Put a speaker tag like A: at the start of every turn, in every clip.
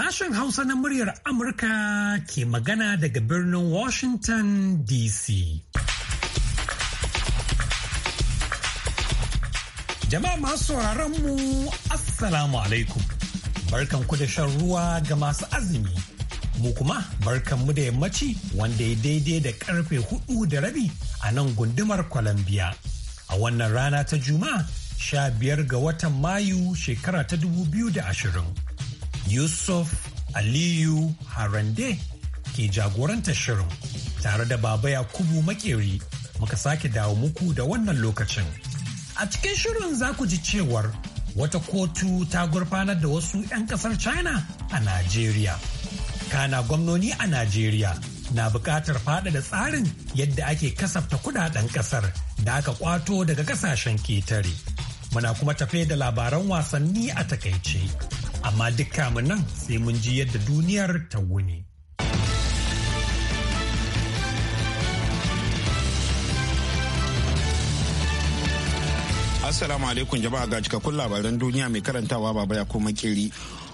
A: Sashen Hausa na muryar Amurka ke magana daga birnin Washington DC. Jama'a masu mu Assalamu alaikum. Barkan ku da shan ruwa ga masu azumi. Mu kuma barkan mu da yammaci wanda ya daidai da karfe hudu da rabi a nan gundumar Columbia. A wannan rana ta Juma'a sha biyar ga watan Mayu shekara ta dubu biyu da ashirin. Yusuf Aliyu Harande ke jagoranta shirin tare da Baba Yakubu Makeri muka sake dawo muku da wannan lokacin. A cikin shirin za ku ji cewar wata kotu ta gurfanar da wasu 'yan kasar China a Najeriya. Kana gwamnoni a Najeriya na buƙatar faɗaɗa tsarin yadda ake kasafta kudaden kasar da aka kwato daga kasashen ketare. Muna kuma tafe da labaran wasanni a takaice. amma dukka mu nan sai mun ji yadda duniyar ta wuni.
B: Assalamu alaikum jama'a ga cikakkun labaran duniya mai karantawa baba ya kuma kiri.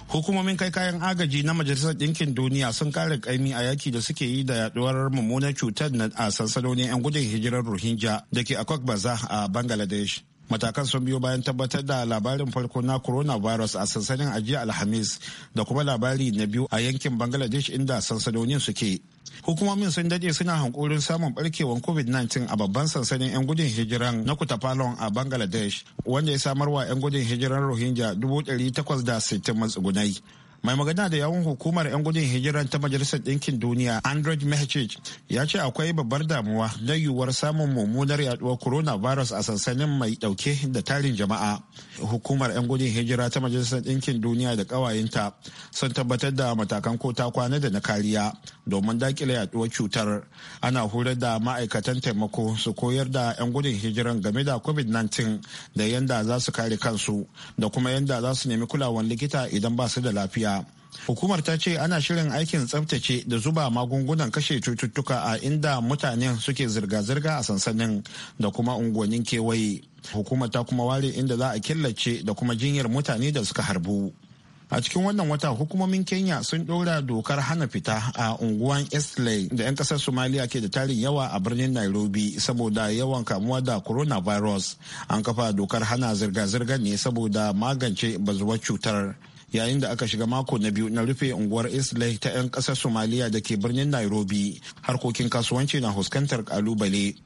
B: Hukumomin kai kayan agaji na Majalisar Ɗinkin Duniya sun kare kaimi a yaki da suke yi da yaduwar mummunar cutar na a sansanonin 'yan gudun hijirar Rohingya da ke akwagbaza a Bangladesh. matakan sun biyo bayan tabbatar da labarin farko na coronavirus a sansanin ajiya alhamis da kuma labari na biyu a yankin bangladesh inda sansanonin suke hukumomin sun dade suna hankulin samun barkewar covid-19 a babban sansanin 'yan gudun hijiran na kutapalon a bangladesh wanda ya samar wa 'yan gudun hijiran rohingya 860 matsugunai mai magana da yawun hukumar 'yan gudun hijira ta majalisar ɗinkin duniya andrej mehcic ya ce akwai babbar damuwa na yiwuwar samun mummunar yaduwar coronavirus a sansanin mai dauke da tarin jama'a hukumar 'yan gudun hijira ta majalisar ɗinkin duniya da ƙawayenta sun tabbatar da matakan ko kwana da na kariya domin daƙile yaduwar cutar ana horar da ma'aikatan taimako su koyar da 'yan gudun hijiran game da covid-19 da yadda za su kare kansu da kuma yadda za su nemi kulawan likita idan ba su da lafiya Hukumar ta ce ana shirin aikin tsaftace da zuba magungunan kashe cututtuka a inda mutanen suke zirga-zirga a sansanin da kuma unguwannin kewaye. Hukumar ta kuma ware inda za a killace da kuma jinyar mutane da suka harbu. A cikin wannan wata hukumomin Kenya sun ɗora dokar hana fita a unguwan Eastleigh da 'yan ƙasar Somalia ke da tarin yawa a birnin Nairobi saboda yawan kamuwa da coronavirus. An kafa dokar hana zirga-zirgar ne saboda magance bazuwar cutar. yayin da aka shiga mako na biyu na rufe unguwar islay ta 'yan kasar somaliya da ke birnin nairobi harkokin kasuwanci na huskantar kalubale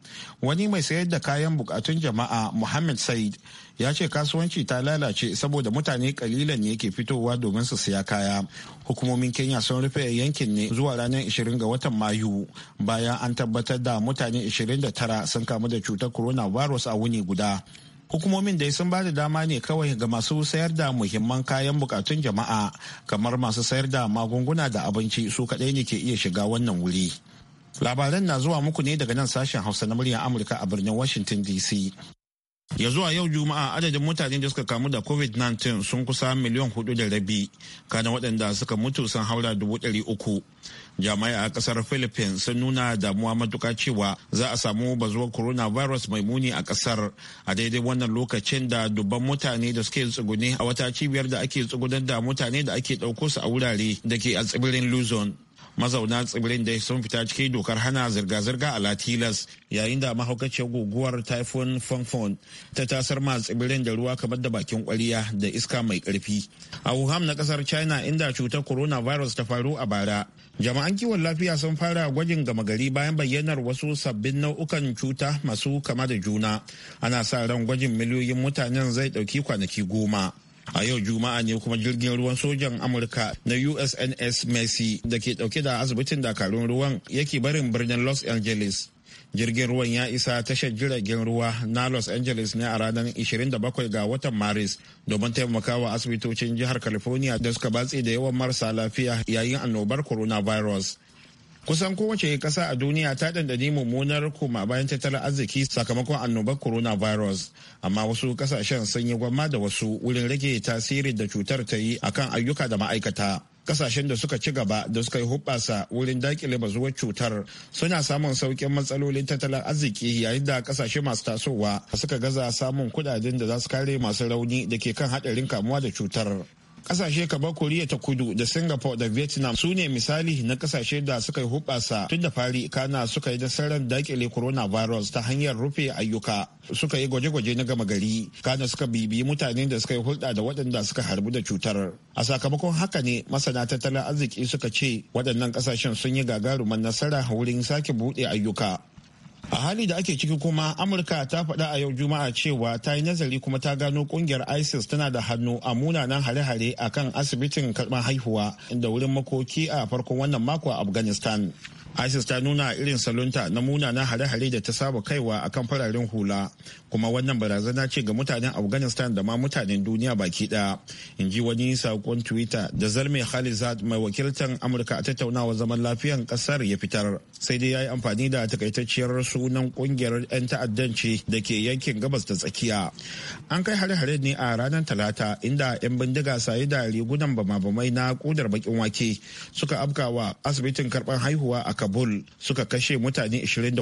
B: wani mai sayar da kayan bukatun jama'a muhammad said ya ce kasuwanci ta lalace saboda mutane kalilan ne ke fitowa domin su siya kaya hukumomin kenya sun rufe yankin ne zuwa ranar 20 ga watan mayu bayan an tabbatar da mutane da tara sun kamu da cutar coronavirus a wuni guda hukumomin dai sun ba da dama ne kawai ga masu sayar da muhimman kayan bukatun jama'a kamar masu sayar da magunguna da abinci su kadai ne ke iya shiga wannan wuri labaran na zuwa muku ne daga nan sashen hausa na muryar amurka a birnin washington dc ya zuwa yau juma'a adadin mutane da suka kamu da covid-19 sun kusa miliyan hudu da rabi kana waɗanda suka mutu sun haura dubu ɗari uku jami'ai a kasar philippines sun nuna damuwa matuka cewa za a samu bazuwar coronavirus mai muni a kasar a daidai wannan lokacin da dubban mutane da suke tsugune a wata cibiyar da ake tsugunar da mutane da ake ɗauko su a wurare da ke a tsibirin luzon mazauna tsibirin dai sun fita cikin dokar hana zirga-zirga a latilas yayin da mahaukaciyar guguwar typhoon fongfon ta tasar ma tsibirin da ruwa kamar da bakin kwariya da iska mai karfi a wuhan na kasar china inda cutar coronavirus ta faru a bara jama'an kiwon lafiya sun fara gwajin gama gari bayan bayyanar wasu sabbin nau'ukan cuta masu kama da juna ana sa ran gwajin miliyoyin mutanen zai dauki kwanaki goma a yau juma'a ne kuma jirgin ruwan sojan amurka na usns messi da ke dauke da asibitin dakarun ruwan yake barin birnin los angeles jirgin ruwan ya isa tashar jiragen ruwa na los angeles ne a ranar 27 ga watan maris domin taimakawa asibitocin jihar california da suka batse da yawan marasa lafiya yayin annobar coronavirus kusan kowace kasa a duniya ta dandani mummunar koma bayan tattalin arziki sakamakon annobar coronavirus amma wasu kasashen sun yi gwamma da wasu wurin rage tasirin da cutar ta yi akan ayyuka da ma'aikata kasashen da suka ci gaba da suka yi hubbasa wurin dakile bazuwar cutar suna samun saukin matsalolin tattalin arziki yayin da kasashe masu tasowa suka gaza samun kudaden da za su kare masu rauni da ke kan hadarin kamuwa da cutar Kasashe kamar Koriya ta kudu da Singapore da Vietnam su ne misali na kasashe da suka yi hubasa tun da fari kana suka yi nasarar dakile coronavirus ta hanyar rufe ayyuka suka yi gwaje-gwaje na gama gari kana suka bibiyi mutane da suka yi hulɗa da waɗanda suka harbu da cutar. A sakamakon haka ne masana tattalin arziki suka ce waɗannan kasashen sun yi gagarumar nasara wurin sake buɗe ayyuka. a hali da ake ciki kuma amurka ta faɗa a yau juma'a cewa ta yi nazari kuma ta gano ƙungiyar isis tana da hannu a munanan hare-hare a kan asibitin karɓar haihuwa da wurin makoki a farkon wannan mako a afghanistan isis ta nuna irin salunta na munanan hare-hare da ta saba kaiwa a kan fararen hula kuma wannan barazana ce ga mutanen afghanistan da ma mutanen duniya baki ɗaya in ji wani saƙon twitter da zalme khalizad mai wakiltar amurka a tattaunawa zaman lafiyan ƙasar ya fitar sai dai ya yi amfani da takaitacciyar su sunan kungiyar 'yan ta'addanci da ke yankin gabas da tsakiya an kai hare-hare ne a ranar talata inda 'yan bindiga sayi da rigunan bama-bamai na kudar bakin wake suka afkawa asibitin karban haihuwa a kabul suka kashe mutane 24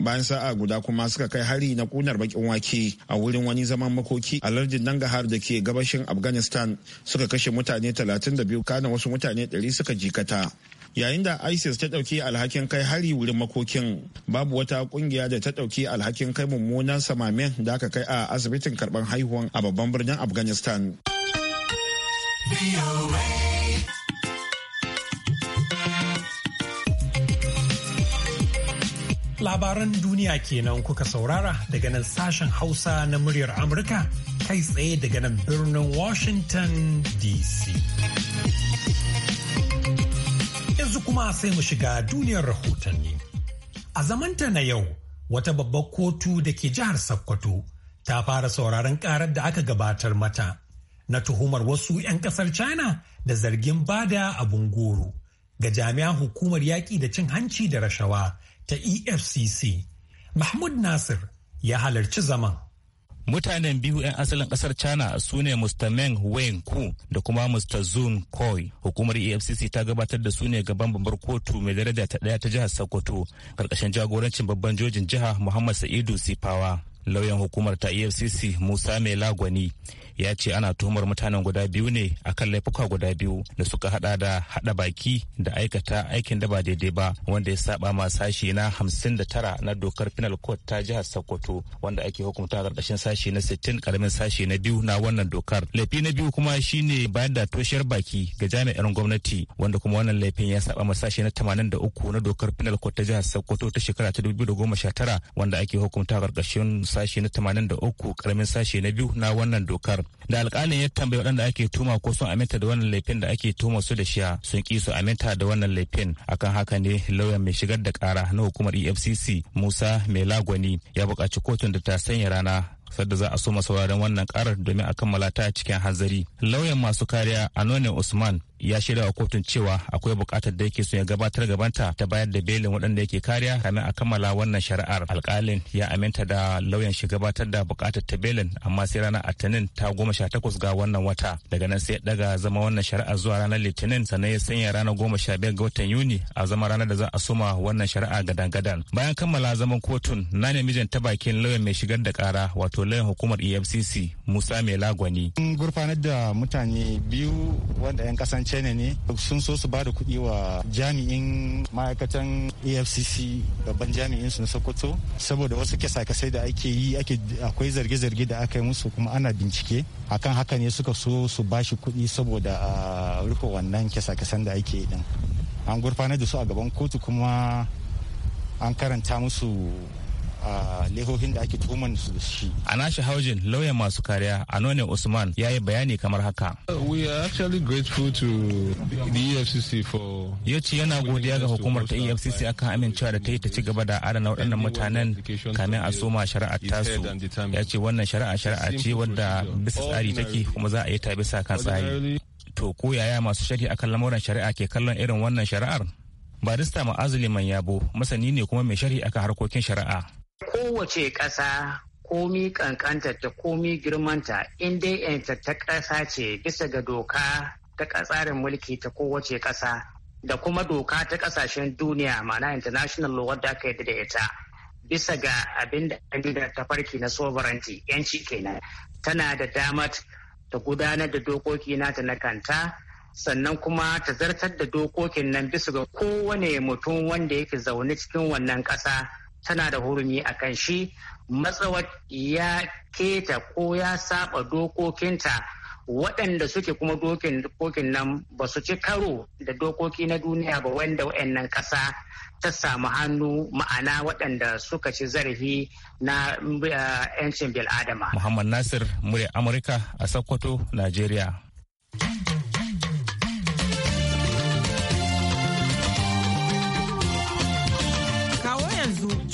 B: bayan sa'a guda kuma suka kai hari na kunar bakin wake a wurin wani zaman makoki a lardin nangahar da ke gabashin afghanistan suka kashe mutane 32 kana wasu mutane 100 suka jikata yayin da isis ta ɗauki alhakin kai hari wurin makokin babu wata kungiya da ta ɗauki alhakin kai mummunan samamen da aka kai a asibitin karban haihuwan a babban birnin afghanistan
A: labaran duniya kenan kuka saurara daga nan sashen hausa na muryar amurka kai tsaye daga nan birnin washington dc kuma sai mu shiga duniyar rahotanni. A zamanta na yau, wata babbar kotu da ke jihar Sokoto ta fara sauraron karar da aka gabatar mata na tuhumar wasu 'yan kasar China da zargin bada abun goro ga jami'an hukumar yaƙi da cin hanci da rashawa ta EFCC. Mahmud Nasir ya halarci zaman. mutanen biyu 'yan asalin kasar china su ne mr meng
C: wen ku da kuma mr zun koi hukumar efcc ta gabatar da su ne gaban babbar kotu mai daraja ta daya ta jihar sokoto karkashin jagorancin babban jojin jiha muhammad sa'idu sifawa lauyan hukumar ta efcc musa mai lagwani ya ce ana tuhumar mutanen guda biyu ne akan laifuka guda biyu da suka hada da hada baki da aikata aikin da ba daidai ba wanda ya saba ma sashi na hamsin da tara na dokar penal court ta jihar sokoto wanda ake hukunta karkashin sashi na sittin karamin sashi na biyu na wannan dokar laifi na biyu kuma shine bayan da toshiyar baki ga jami'an gwamnati wanda kuma wannan laifin ya saba ma sashi na tamanin da uku na dokar penal court ta jihar sokoto ta shekara ta 2019 wanda ake hukunta karkashin sashe na 83 karamin sashe na biyu na wannan dokar da alkalin ya tambayi waɗanda ake tuma ko sun aminta da wannan laifin da ake tuma su da shiya sun ki su aminta da wannan laifin akan haka ne lauyan mai shigar da kara na hukumar efcc musa mai lagwani ya buƙaci kotun da ta sanya rana sadda za a so sauraron wannan karar domin a kammala ta cikin hanzari lauyan masu kariya anonin usman ya shirya wa kotun cewa akwai bukatar da yake son ya gabatar gabanta ta bayar da belin waɗanda yake kariya kamin a kammala wannan shari'ar alƙalin ya aminta da lauyan shi gabatar da bukatar ta belin amma sai ranar atanin ta goma sha takwas ga wannan wata daga nan sai ya daga zama wannan shari'ar zuwa ranar litinin sannan ya sanya ranar goma sha biyar ga watan yuni a zama ranar da za a soma wannan shari'a gadan-gadan bayan kammala zaman kotun na ne mijin ta bakin lauyan mai shigar da kara wato lauyan hukumar efcc musa mai lagwani. gurfanar da mutane biyu wanda 'yan kasan china ne sun so su ba da kuɗi wa jami'in ma'aikatan afcc babban jami'in su na sokoto saboda wasu kyasa da ake yi akwai zarge-zarge da aka yi musu kuma ana bincike akan haka ne suka so su ba shi kuɗi saboda a rufe wannan kyasa-kyasan da ake yi din an gurfanar da su a gaban kotu kuma an karanta musu lehohin da ake tuhuman su da shi. A nashi haujin lauyan masu kariya Anone Usman ya yi bayani kamar
B: haka. We are actually grateful to the EFCC for... Ya ce yana godiya
C: ga hukumar ta EFCC akan amincewa da ta yi ta ci gaba da adana waɗannan mutanen kamin a soma shari'ar tasu. Ya ce wannan shari'a shari'a ce wadda bisa tsari take kuma za a yi ta bisa kan tsari. To ko yaya masu shari'a akan lamuran shari'a ke kallon irin wannan shari'ar? Barista ma'azuli man Yabo masani ne kuma mai shari'a akan harkokin shari'a
D: Kowace ƙasa komi ƙanƙanta ta komi girmanta in dai yanta ta ƙasa ce bisa ga doka ta ƙasarin mulki ta kowace ƙasa da kuma doka ta ƙasashen duniya mana international law da aka yadda da ita bisa ga abin da da tafarki na sovereignty yanci kenan tana da damar ta gudanar da dokoki nata na kanta sannan kuma ta zartar da dokokin nan bisa ga kowane mutum wanda yake zaune cikin wannan ƙasa tana da hurumi a kan shi matsawar ya keta ko ya saba dokokinta waɗanda suke kuma dokokin nan ba su ci karo da dokoki na duniya ba wanda wa'annan ƙasa ta samu hannu ma'ana waɗanda suka ci zarafi na eh, 'yancin bil'adama.
C: Muhammad Nasir, murya Amurka a Sokoto, Najeriya.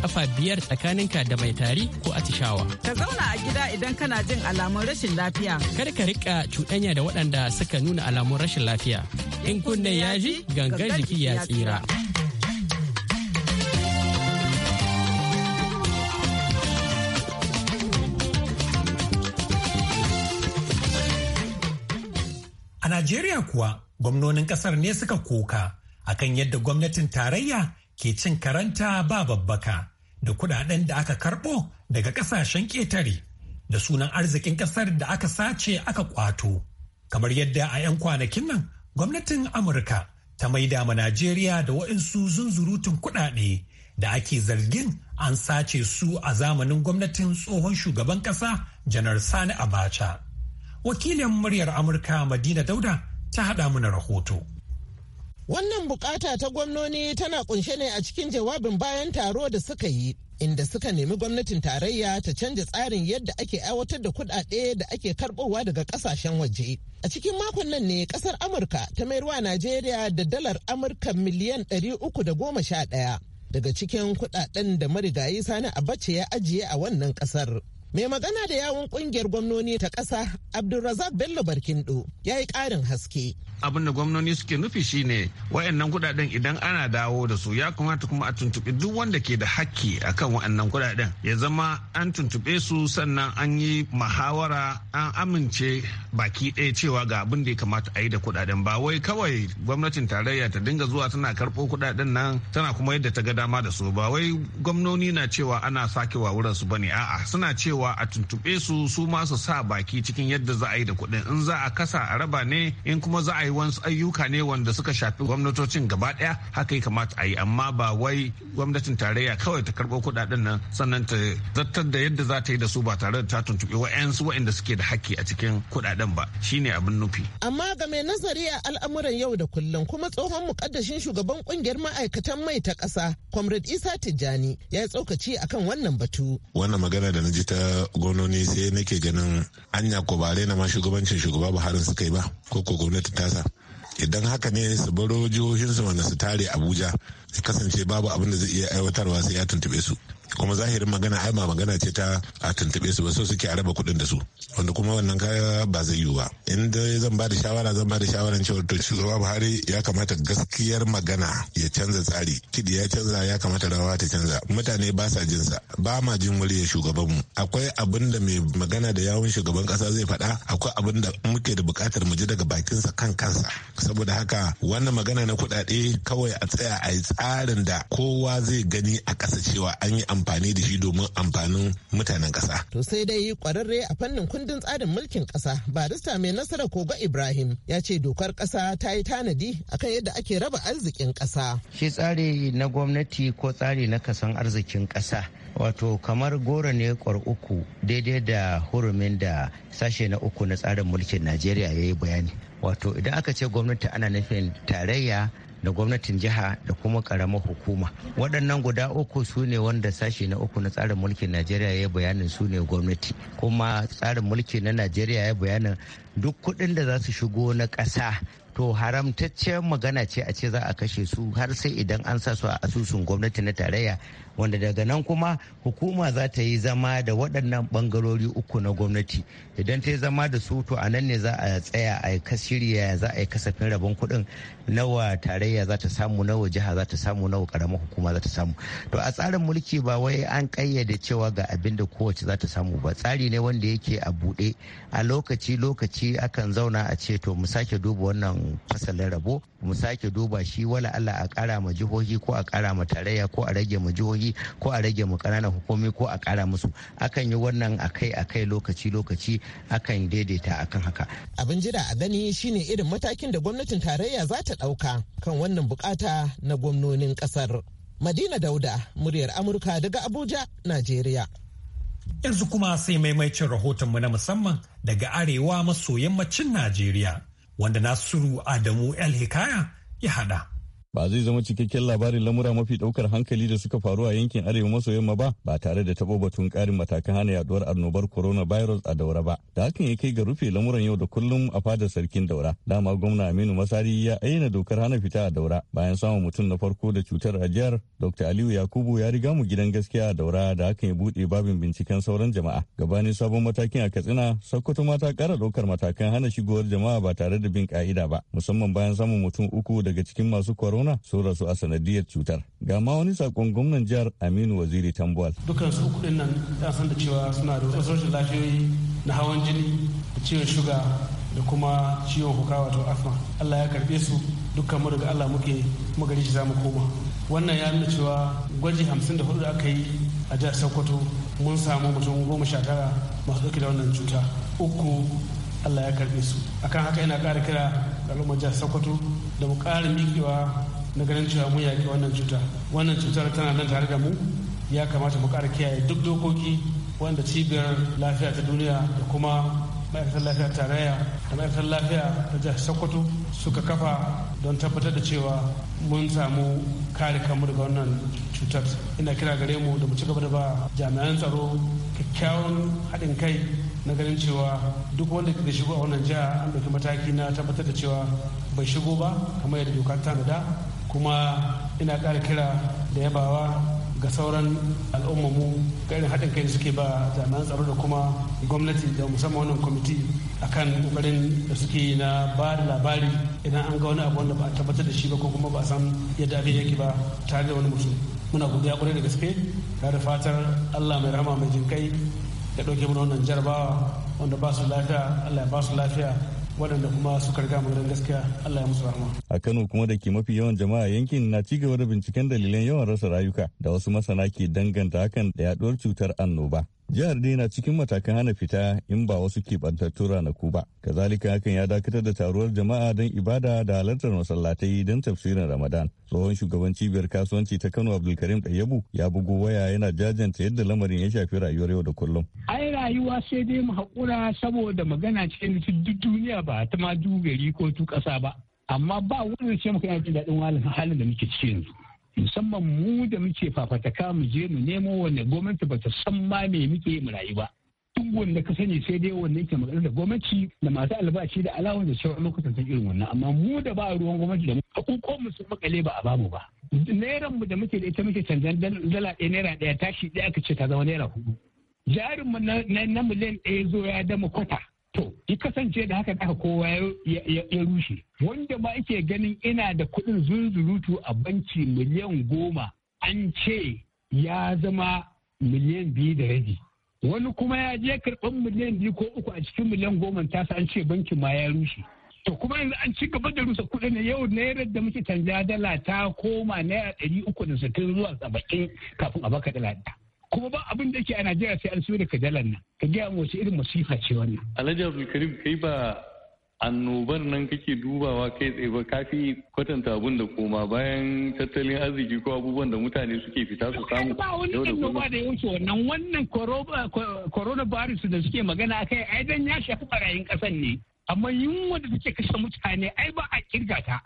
D: kafa biyar tsakaninka da mai tari ko atishawa. Ka zauna a gida idan kana jin alamun rashin lafiya. Kar ka rika cuɗanya da waɗanda suka nuna alamun rashin lafiya. In kunne ya ji gangar jiki ya tsira.
A: A Najeriya kuwa gwamnonin ƙasar ne suka koka akan yadda gwamnatin tarayya ke cin karanta ba babbaka da kudaden da aka karbo daga kasashen ƙetare da sunan arzikin ƙasar da aka sace aka kwato. Kamar yadda a 'yan kwanakin nan gwamnatin Amurka ta maida ma Najeriya da waɗansu zunzurutun kuɗaɗe da ake zargin an sace su a zamanin gwamnatin tsohon shugaban ƙasa janar Sani Abacha. Wakilin muryar Amurka Madina Dauda ta haɗa mana rahoto.
E: Wannan bukata ta gwamnoni tana kunshe ne a cikin jawabin bayan taro da suka yi, inda suka nemi gwamnatin tarayya ta canza tsarin yadda ake aiwatar da kudade da ake karbowa daga kasashen waje. A cikin makon nan ne kasar Amurka ta mayarwa Najeriya da dalar Amurka miliyan 311 daga cikin kudaden da marigayi Sani Abace ya ajiye a wannan kasar. Mai magana da yawun kungiyar gwamnoni ta ƙasa Abdulrazak Bello Barkindo ya yi ƙarin
F: haske. Abin da gwamnoni suke nufi shine wayannan kudaden idan ana dawo da su ya kamata kuma a tuntuɓi duk wanda ke da hakki akan wayannan kudaden ya zama an tuntuɓe su sannan an yi muhawara an amince baki ɗaya cewa ga abin da ya kamata a yi da kudaden ba wai kawai gwamnatin tarayya ta dinga zuwa tana karɓo kudaden nan tana kuma yadda ta ga dama da su ba wai gwamnoni na cewa ana sakewa wurin su bane a'a suna cewa cewa a tuntuɓe su su ma su sa baki cikin yadda za a yi da kuɗin in za a kasa a raba ne in kuma za a yi wasu ayyuka ne wanda suka shafi gwamnatocin gaba ɗaya haka ya kamata a yi amma ba wai gwamnatin tarayya kawai ta karɓo kuɗaɗen nan sannan ta zartar da yadda za ta yi da su ba tare da ta tuntuɓi wa'yansu wa'inda suke da haƙƙi a cikin kuɗaɗen ba shine abin nufi.
E: Amma ga mai nazari a al'amuran yau da kullum kuma tsohon muƙaddashin shugaban ƙungiyar ma'aikatan mai ta ƙasa Comrade Isa Tijjani ya yi tsokaci akan wannan batu.
F: Wannan magana da na ji ta ta gwamnoni sai nake ganin anya ko ba na ma shugabancin shugaba Buhari suka yi ba ko ko gwamnati tasa idan haka ne su baro jihohinsu wanda su tare Abuja kasance babu abin da zai iya aiwatarwa sai ya tuntube su kuma zahirin magana ai ba magana ce ta a tuntube su ba so suke a raba kuɗin da su wanda kuma wannan kaya ba zai yiwu ba in dai zan ba da shawara zan ba da shawaran cewa to shugaba Buhari ya kamata gaskiyar magana ya canza tsari kidi ya canza ya kamata rawa ta canza mutane ba sa jin sa ba ma jin muryar shugaban mu akwai abin da mai magana da yawun shugaban kasa zai faɗa akwai abin da muke da buƙatar mu ji daga bakinsa kan kansa saboda haka wannan magana na kuɗaɗe kawai a tsaya a yi tsarin da kowa zai gani a ƙasa cewa an yi amfani amfani da shi domin amfanin mutanen ƙasa. To
E: sai dai kwararre a fannin kundin tsarin mulkin ƙasa barista mai nasara Koga Ibrahim ya ce dokar ƙasa ta yi tanadi akan yadda ake raba arzikin ƙasa.
D: Shi tsari na gwamnati ko tsari na kasan arzikin ƙasa wato kamar goro ne kwar uku daidai da hurumin da sashe na uku na tsarin mulkin Najeriya ya yi bayani. Wato idan aka ce gwamnati ana nufin tarayya da gwamnatin jiha da kuma karamar hukuma waɗannan guda uku su ne wanda sashi na uku na tsarin mulkin najeriya ya bayanin su ne gwamnati kuma tsarin mulki na najeriya ya bayanin duk kuɗin da za su shigo na ƙasa to haramtaccen magana ce a ce za a kashe su har sai idan an sa su a asusun gwamnati na tarayya wanda daga nan kuma hukuma za ta yi zama da waɗannan ɓangarori uku na gwamnati idan ta yi zama da su to a nan ne za a tsaya a yi shirya za a yi kasafin rabon kuɗin nawa tarayya za ta samu nawa jiha za ta samu nawa karamar hukuma za ta samu to a tsarin mulki ba wai an ƙayyade cewa ga abin da kowace za ta samu ba tsari ne wanda yake a buɗe a lokaci lokaci akan zauna a ce to mu sake duba wannan fasalin rabo mu sake duba shi wala Allah a ƙara ma jihohi ko a ƙara ma tarayya ko a rage ma jihohi yi ko a rage mu ƙananan hukumomi ko a kara musu akan yi wannan akai akai lokaci lokaci akan daidaita akan haka abin jira a gani shine irin
E: matakin da gwamnatin tarayya za ta ɗauka kan wannan bukata na gwamnonin ƙasar madina dauda muryar amurka daga abuja najeriya
A: yanzu kuma sai maimaicin rahotonmu na musamman daga arewa maso yammacin najeriya wanda nasiru adamu el hikaya ya hada
G: ba zai zama cikakken labarin lamura mafi daukar hankali da suka faru a yankin arewa maso yamma ba ba tare da taɓo batun karin matakan hana yaduwar annobar coronavirus a daura ba da hakan ya kai ga rufe lamuran yau da kullum a fadar sarkin daura dama gwamna aminu masari ya ayyana dokar hana fita a daura bayan samun mutum na farko da cutar a jihar dr aliyu yakubu ya riga mu gidan gaskiya a daura da hakan ya buɗe babin binciken sauran jama'a gabanin sabon matakin a katsina sokoto ma ta ƙara ɗaukar matakan hana shigowar jama'a ba tare da bin ka'ida ba musamman bayan samun mutum uku daga cikin masu corona nuna sun rasu a sanadiyar cutar ga ma wani sakon gwamnan jihar aminu waziri tambuwal
H: dukkan su kudin nan ta san da cewa suna da wasu rashin lafiyoyi na hawan jini da ciwon shuga da kuma ciwon hukawa wato asma allah ya karbe su dukkan mu daga allah muke kuma gari shi za mu koma wannan ya nuna cewa gwaji hamsin da hudu da aka yi a jihar sokoto mun samu mutum goma sha tara masu dauke da wannan cuta uku allah ya karbe su akan haka yana kara kira ga al'ummar jihar da mu ƙara mikiwa. na ganin cewa mun yaƙi wannan cuta wannan cutar tana nan tare da mu ya kamata mu ƙara kiyaye duk dokoki wanda cibiyar lafiya ta duniya da kuma ma'aikatar lafiya tarayya da ma'aikatar lafiya ta jihar sokoto suka kafa don tabbatar da cewa mun samu kare kanmu daga wannan cutar ina kira gare mu da mu ci gaba da ba jami'an tsaro kyakkyawan haɗin kai na ganin cewa duk wanda ke shigo a wannan jiha an ɗauki mataki na tabbatar da cewa bai shigo ba kamar yadda dokar ta da kuma ina ƙara kira da yabawa ga sauran al'ummamu ga irin haɗin kai da suke ba jami'an tsaro da kuma gwamnati da musamman wannan kwamiti akan kokarin da suke na ba da labari idan an ga wani abu wanda ba a tabbatar da shi ba ko kuma ba a san yadda abin yake ba tare da wani mutum muna godiya ƙwarai da gaske tare da fatar allah mai rahama mai jinkai ya ɗauke mana wannan jarabawa wanda ba su lafiya allah ya ba su lafiya waɗanda kuma suka riga mu gaskiya Allah ya musu rahama.
G: A Kano kuma da ke mafi yawan jama'a yankin na ci gaba da binciken dalilan yawan rasa rayuka da wasu masana ke danganta hakan da yaduwar cutar annoba. Jihar dai na cikin matakan hana fita in ba wasu ke keɓantattun ranaku ba. Kazalika hakan ya dakatar da taruwar jama'a don ibada da halartar masallatai don tafsirin Ramadan. Tsohon shugaban cibiyar kasuwanci ta Kano Abdulkarim Ɗayyabu ya bugu waya yana jajanta yadda lamarin ya shafi rayuwar yau da kullum.
I: Ai rayuwa sai dai mu haƙura saboda magana cikin duk duniya ba ta ma gari ko tu ƙasa ba amma ba wani ce muka yi daɗin halin da muke ciki yanzu musamman mu da muke fafataka mu je mu nemo wanda gwamnati bata san ma me muke mu rayu ba duk wanda ka sani sai dai wanda yake magana da gwamnati da masu albashi da alawun da sauran lokutan ta irin wannan amma mu da ba ruwan gwamnati da hakukon mu sun makale ba a mu ba nairan mu da muke da ita muke canza dala ɗaya naira ɗaya tashi ɗaya ka ce ta zama naira hudu jarinmu na miliyan ɗaya zo ya dama kwata to ya kasance da haka aka kowa ya rushe wanda ma ake ganin ina da kuɗin zunzurutu a banki miliyan goma an ce ya zama miliyan biyu da rabi wani kuma ya je karɓar miliyan biyu ko uku a cikin miliyan goma Ta sa an ce bankin ma ya rushe to kuma yanzu an ci gaba da rusa kuɗi ne yau naira da muke canja dala ta koma naira ɗari uku da sittin zuwa saba'in kafin a baka dala ɗaya kuma ba abin da yake a najeriya sai an so da kajalan nan ka gaya mu wace irin masifa ce wannan
G: alhaji abdulkarim kai ba annobar nan kake dubawa kai tsaye ba kafi kwatanta abun da koma bayan tattalin arziki ko abubuwan da mutane suke fita su samu ba wani annoba
I: da ya wuce wannan wannan
G: coronavirus
I: da suke magana akai ai dan ya shafi barayin kasan ne amma yunwa da suke kashe mutane ai ba a kirga ta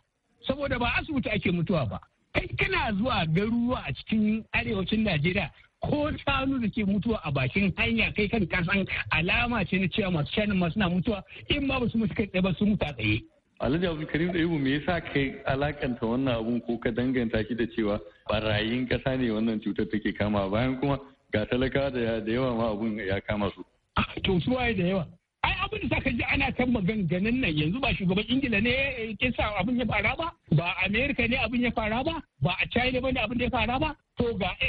I: saboda ba asibiti ake mutuwa ba kai kana zuwa garuruwa a cikin arewacin Najeriya ko shanu da ke mutuwa a bakin hanya kai kan kasan alama ce na cewa masu shanun masu na mutuwa in ma ba su mutu kai ba su mutu a tsaye.
G: Alhaji da Ɗaibu me yasa kai alakanta wannan abun ko ka danganta shi da cewa barayin kasa ne wannan cutar take kama bayan kuma ga talakawa da yawa ma abun ya kama su.
I: Ah, to su waye da yawa? abin da ka ji ana kan maganganun nan yanzu ba shugaban ingila ne ke sa abin ya fara ba ba amerika ne abin ya fara ba ba a china ba ne abin da ya fara ba to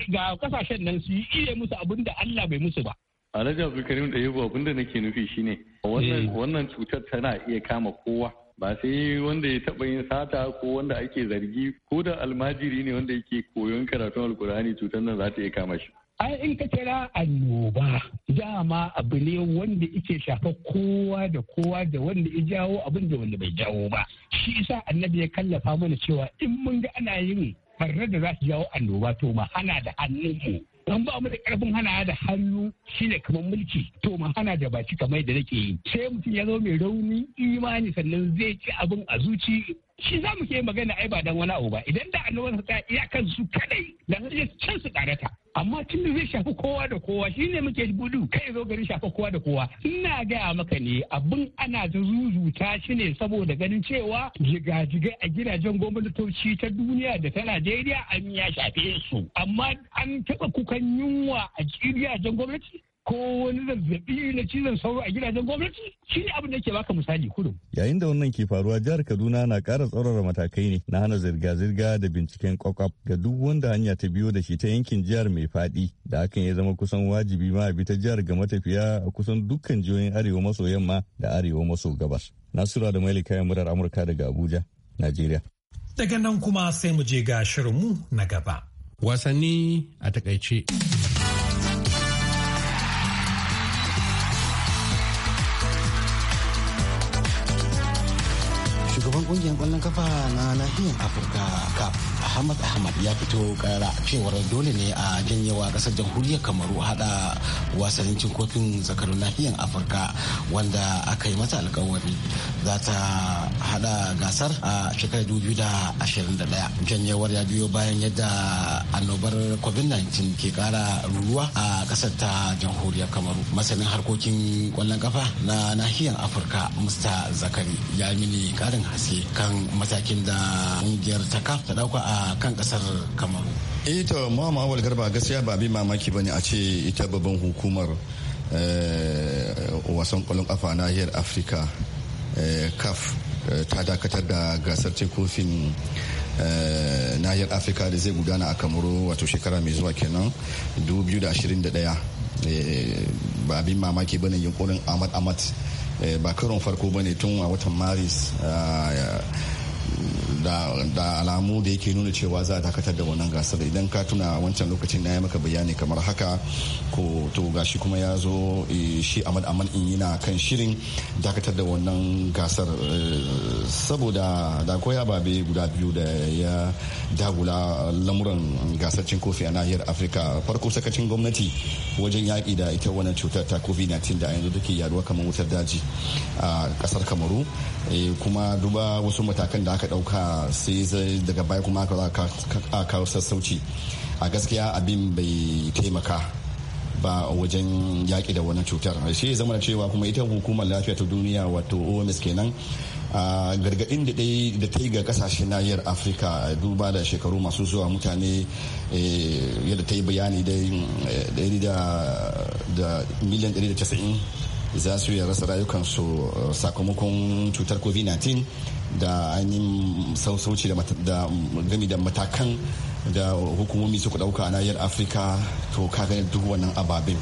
I: ga kasashen nan su yi iya musu abin da allah bai musu ba
G: alhaji abdulkarim da yabo abin da nake nufi shine eh. wannan cutar tana iya kama kowa ba sai wanda ya taba yin sata ko wanda ake zargi ko da almajiri ne wanda yake koyon karatun alkur'ani cutar nan za ta iya kama shi
I: ai in ka kira annoba dama abu ne wanda ike shafa kowa da kowa da wanda ya jawo abin da wanda bai jawo ba shi yasa annabi ya kallafa mana cewa in mun ga ana yin farra da za su jawo annoba to ma hana da hannunmu an ba mu da karfin hana da hannu shine kamar mulki to ma hana da baki kamar da nake yi sai mutum ya zo mai rauni imani sannan zai ci abin a zuci shi za mu ke magana ai ba dan wani abu ba idan da annoban ta iyakar su kadai da su je can su karata amma tun da zai shafi kowa da kowa shine muke gudu kai zo gari shafi kowa da kowa ina gaya maka ne abin ana zuzuta shi ne saboda ganin cewa jigajigai a gidajen gwamnatoci ta duniya da ta Najeriya an ya shafe su amma an taba kukan yunwa a gidajen gwamnati ko wani zazzabi na cizon sauro a gidajen gwamnati shi ne abin da yake baka misali Kudu.
G: Yayin da wannan ke faruwa jihar Kaduna na kara tsaurara matakai ne na hana zirga-zirga da binciken kwakwaf ga duk wanda hanya ta biyo da shi ta yankin jihar mai faɗi da hakan ya zama kusan wajibi ma a bi ta jihar ga matafiya a kusan dukkan jihohin arewa maso yamma da arewa maso gabas. Nasura da Maili kayan murar Amurka daga Abuja, Najeriya.
A: Daga nan kuma sai mu je ga shirinmu na gaba. Wasanni a takaice.
E: kungiyar kwallon kafa na nahiyar afirka cup ahmad ahmad ya fito kara cewar dole ne a janyewa kasar jamhuriyar kamaru hada wasannin cin kofin zakarun nahiyar afirka wanda aka yi mata alkawari za ta hada gasar a shekarar 2021 janyewar ya biyo bayan yadda annobar covid-19 ke kara ruruwa a kasar ta jamhuriyar kamaru masanin harkokin kwallon kafa na nahiyar afirka musta zakari ya mini karin haske kan matakin da ƙungiyar ta kaf ta dauka a kan kasar kamaru
J: ita eh to muhammad awal garba gaskiya ba bi mamaki bane a ce ita babban hukumar eh, wasan kwallon kafa nahiyar afirka eh, caf ta dakatar da gasar ce kofin nahiyar afirka da zai gudana a kamaru wato shekara mai zuwa kenan 2021 ba abin mamaki bane yunkurin ahmad ahmad Eh, ba karon farko bane tun a watan maris ah, da alamu da yake nuna cewa za a dakatar da wannan gasar idan ka tuna wancan lokacin na ya maka bayani kamar haka ko to gashi kuma ya zo eh, shi amad aman in yana kan shirin dakatar da wannan gasar eh, saboda da koya babe guda biyu da ya dagula lamuran gasar cin kofi a nahiyar afirka farko sakacin gwamnati wajen yaƙi da ita wannan cutar ta covid-19 da a yanzu take yaduwa kamar wutar daji a kasar kamaru eh, kuma duba wasu matakan da aka ɗauka sai daga baya kuma aka kawo sassauci a gaskiya abin bai taimaka ba wajen yaƙi da wannan cutar shi zama da cewa kuma ita hukumar lafiya ta duniya wato oms kenan a gargaɗin da da ta yi ga kasashen nahiyar afirka duba da shekaru masu zuwa mutane eh, yadda ta yi bayani eh, da miliyan 190 za su iya rasa rayukansu eh, sakamakon cutar covid-19 da ainihin sassauci da mm, gami da matakan da hukumomi suka dauka a nahiyar afirka to kaga duk wannan ababen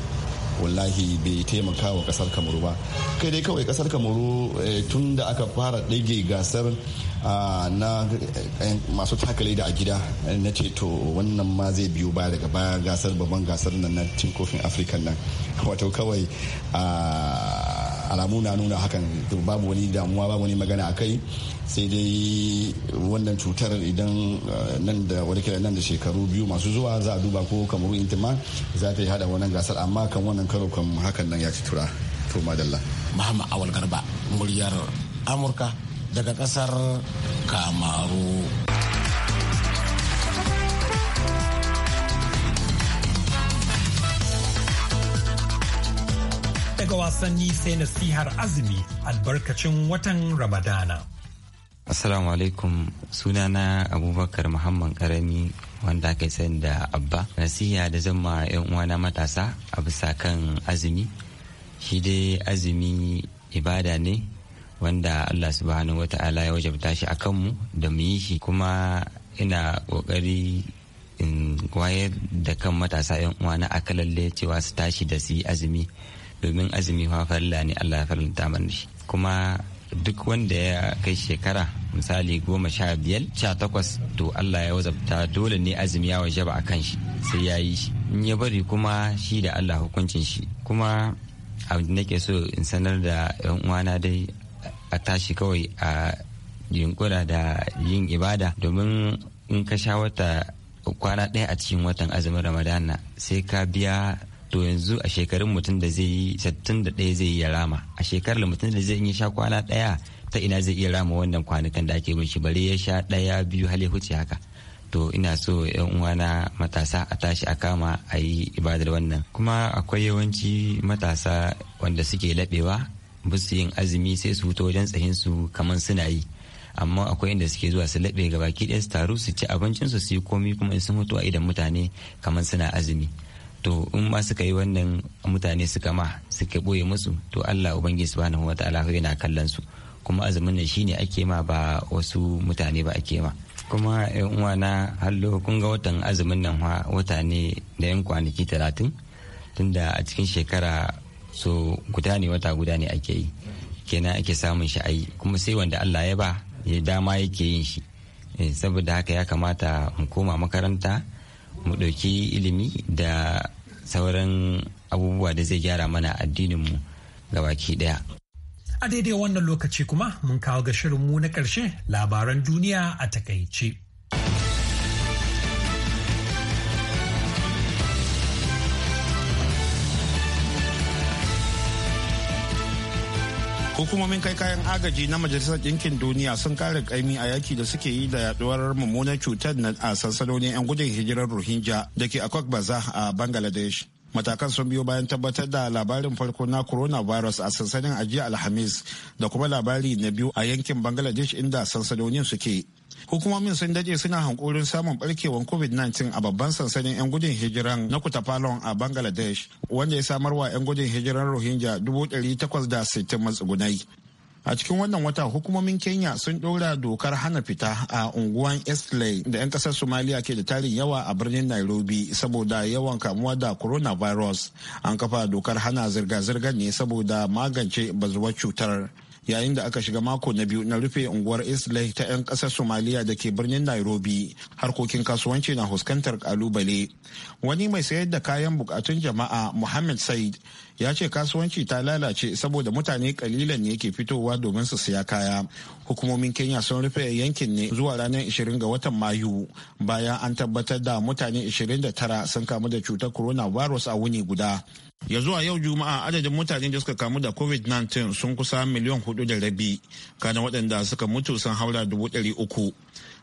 J: wallahi bai taimaka wa kasar kamaru ba kai dai kawai kasar kamaru eh, tun da aka fara ɗage gasar ah, na eh, masu takalai da a gida eh, na ce to wannan ma zai biyo baya daga baya gasar babban gasar nan na cin kofin afirka nan wato kawai ah, alamu na nuna hakan to babu wani damuwa babu wani magana a kai sai dai wannan cutar idan eh, nan da wani nan da shekaru biyu masu zuwa za a duba ko kamaru intima za ta yi hada wannan gasar amma kan wannan karo kan hakan nan ya ci tura to madalla
E: mahama awal garba muryar amurka daga kasar kamaru
A: daga wasanni sai nasihar azumi albarkacin watan Ramadana.
K: Assalamu alaikum sunana Abubakar Muhammad Karami wanda aka san da Abba. Nasiha da zama ma 'yan uwana matasa a bisa kan azumi. Shi dai azumi ibada ne wanda Allah subhanahu wata'ala ya wajabta shi a kanmu da mu yi shi kuma ina kokari in wayar da kan matasa 'yan uwana a lalle cewa su tashi da su azumi. domin azumi fa farilla ne Allah ya farlanta mana shi kuma duk wanda ya kai shekara misali goma sha biyar sha takwas to Allah ya wazabta dole ne azumi ya wajaba a kan shi sai ya yi shi in ya bari kuma shi da Allah hukuncin shi kuma abin da nake so in sanar da yan uwana dai a tashi kawai a yunkura da yin ibada domin in ka sha wata kwana ɗaya a cikin watan azumin ramadana sai ka biya to yanzu a shekarun mutum da zai yi 61 zai yi rama a shekarar mutum da zai yi sha kwana daya ta ina zai iya rama wannan kwanukan da ake mishi bare ya sha ɗaya biyu har ya huce haka to ina so yan uwana matasa a tashi a kama a yi ibadar wannan kuma akwai yawanci matasa wanda suke laɓewa su yin azumi sai su wuta wajen tsahin su kamar suna yi amma akwai inda suke zuwa su laɓe gabaki ɗaya su taru su ci abincin su yi komi kuma in sun idan mutane kamar suna azumi to in ma suka yi wannan mutane suka ma suka boye musu to Allah ubangiji subhanahu wataala yana kallon su kuma azumin nan shine ake ma ba wasu mutane ba ake ma kuma yan na hallo kun ga watan azumin nan wata ne da yan kwanaki talatin tunda a cikin shekara so guda ne wata guda ne ake yi kenan ake samun shi ayi kuma sai wanda Allah ya ba ya dama yake yin shi eh, saboda haka ya kamata mu koma makaranta mu ɗauki ilimi da sauran abubuwa da zai gyara mana addininmu baki daya.
A: A daidai wannan lokaci kuma mun kawo ga shirinmu na ƙarshe labaran duniya a takaice.
B: hukumomin kai kayan agaji na majalisar ɗinkin duniya sun kare kaimi a yaki da suke yi da yaduwar mummunar cutar na a sansanonin 'yan gudun hijirar rohingya da ke Akwai baza a bangladesh matakan sun biyo bayan tabbatar da labarin farko na coronavirus a sansanin ajiya alhamis da kuma labari na biyu a yankin bangladesh inda sansanonin suke hukumomin sun dade suna hankulin samun barkewar covid-19 a babban sansanin 'yan gudun hijiran na kutafalon a bangladesh wanda ya samar wa 'yan gudun hijiran rohingya 860 matsugunai a cikin wannan wata hukumomin kenya sun ɗora dokar hana fita a unguwan Eastleigh da 'yan ƙasar Somalia ke da tarin yawa a birnin nairobi saboda yawan kamuwa da coronavirus an kafa dokar hana zirga-zirgar ne saboda magance bazuwar cutar yayin da aka shiga mako na biyu na rufe unguwar islay ta 'yan kasar somaliya da ke birnin nairobi harkokin kasuwanci na fuskantar kalubale wani mai sayar da kayan bukatun jama'a muhammad said ya ce kasuwanci ta lalace saboda mutane kalilan ne ke fitowa domin su siya kaya hukumomin kenya sun rufe yankin ne zuwa ranar 20 ga watan mayu bayan an tabbatar da mutane 29 sun kamu da cutar coronavirus a wuni guda ya zuwa yau juma'a adadin mutanen da suka kamu da covid-19 sun kusa miliyan hudu da rabi kana waɗanda suka mutu sun haura dubu ɗari uku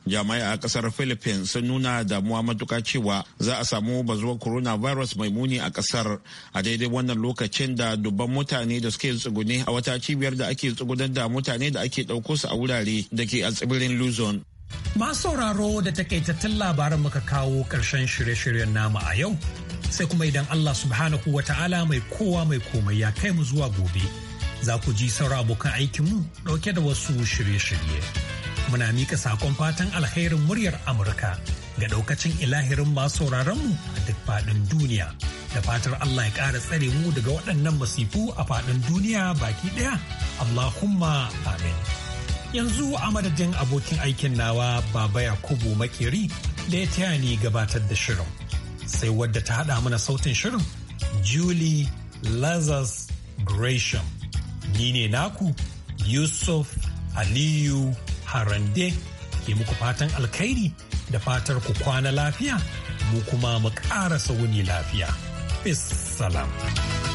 B: Jam'ai a ƙasar philippines sun nuna damuwa matuka cewa za a samu bazuwar coronavirus mai muni a ƙasar, a daidai wannan lokacin da dubban mutane da suke tsugune a wata cibiyar da ake tsugunar da mutane da ake ɗauko su a wurare da ke a tsibirin luzon
A: masu sauraro da takaitattun labaran muka kawo ƙarshen shirye-shiryen nama a yau sai kuma idan Allah subhanahu wa ta'ala mai kowa mai komai ya kai mu zuwa gobe za ku ji saura abokan aikinmu ɗauke da wasu shirye-shirye. Muna mika saƙon fatan alherin muryar Amurka ga ɗaukacin ilahirin masu sauraronmu a duk faɗin duniya. Da fatar Allah ya ƙara tsare mu daga waɗannan masifu a faɗin duniya baki ɗaya. Allahumma amin. Yanzu a madadin abokin aikin nawa Baba Yakubu Makeri da ya taya ni gabatar da shirin. sai wadda ta haɗa mana sautin shirin Julie Lazarus Gresham. Ni ne naku Yusuf Aliyu Harande ke muku fatan alkhairi da fatar ku kwana lafiya mu kuma mu ƙara wuni lafiya. Peace salam.